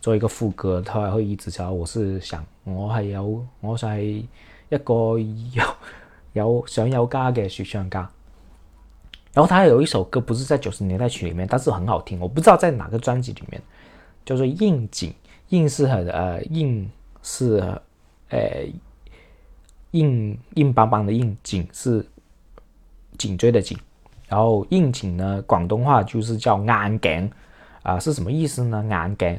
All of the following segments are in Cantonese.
做一個副歌，他還可以直首。我是想，我係有，我係一個有有想有家嘅說唱家。然後他有一首歌，不是在九十年代曲裏面，但是很好聽。我不知道在哪個專輯裏面，叫做硬頸，硬是很，呃，硬是，呃，硬硬邦邦的硬，頸是頸椎的頸。然後硬頸呢，廣東話就是叫硬頸，啊、呃，是什麼意思呢？硬頸。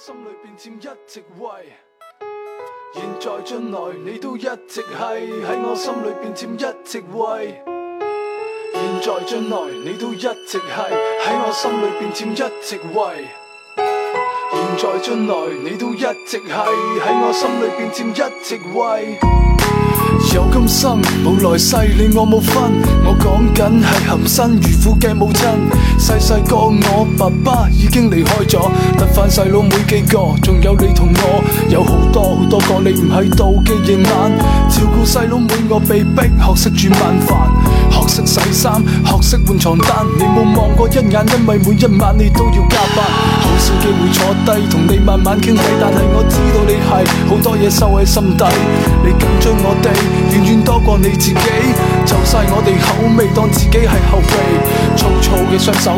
心裏邊佔一席位，現在將來你都一直係喺我心裏邊佔一席位，現在將來你都一直係喺我心裏邊佔一席位，現在將來你都一直係喺我心裏邊佔一席位，有今生冇來世，你我冇分，我講緊係含辛茹苦嘅母親。細細個我爸爸已經離開咗，得翻細佬妹幾個，仲有你同我，有好多好多個你唔喺度嘅夜晚，照顧細佬妹我被逼學識煮晚飯，學識洗衫，學識換床單，你冇望過一眼，因為每一晚你都要加班，好少機會坐低同你慢慢傾偈，但係我知道你係好多嘢收喺心底，你緊張我哋，遠遠多過你自己，就晒我哋口味，當自己係後備，粗粗嘅雙手。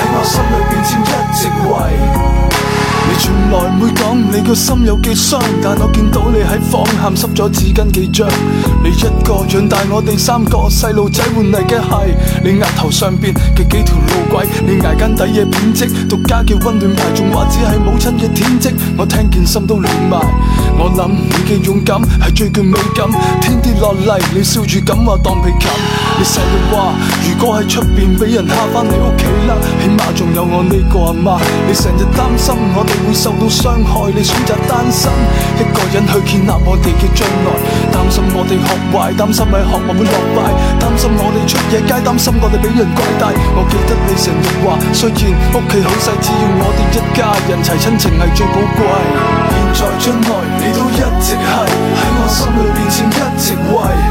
我心裏邊佔一席位，你從來唔會講你個心有幾傷，但我見到你喺房喊濕咗紙巾幾張，你一個養大我哋三個細路仔，換嚟嘅係你額頭上邊嘅幾條路軌，你捱緊底嘢編織獨家嘅溫暖，仲話只係母親嘅天職，我聽見心都暖埋。我諗你嘅勇敢係最具美感，天跌落嚟你笑住敢話當被冚，你細路話如果喺出邊俾人蝦翻你屋企啦。仲有我呢個阿媽,媽，你成日擔心我哋會受到傷害，你選擇單身，一個人去建立我哋嘅將來，擔心我哋學壞，擔心你學唔會落敗，擔心我哋出嘢街，擔心我哋俾人拐帶。我記得你成日話，雖然屋企好細，只要我哋一家人齊，親情係最寶貴。現在將來，你都一直係喺我心裏面前一直為。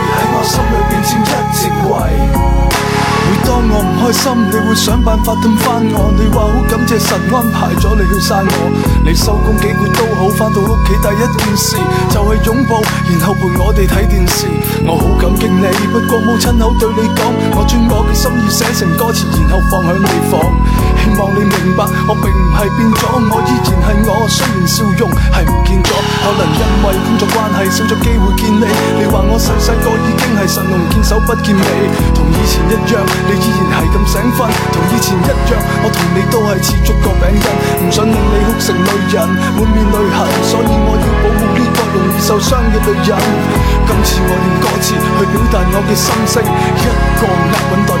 我唔開心，你會想辦法氹翻我。你話好感謝神安排咗你去晒我。你收工幾罐都好，翻到屋企第一件事就係擁抱，然後陪我哋睇電視。我好感激你，不過冇親口對你講。我將我嘅心意寫成歌詞，然後放響你房。希望你明白，我並唔係變咗，我依然係我，雖然笑容係唔見咗。可能因為工作關係少咗機會見你。你話我細細個已經係神龍見首不見尾，同以前一樣，你依然係咁醒瞓，同以前一樣，我同你都係似足個餅印，唔想令你哭成淚人，滿面淚痕，所以我要保護呢個容易受傷嘅女人。今次我念歌詞去表達我嘅心聲，一個押韻代表。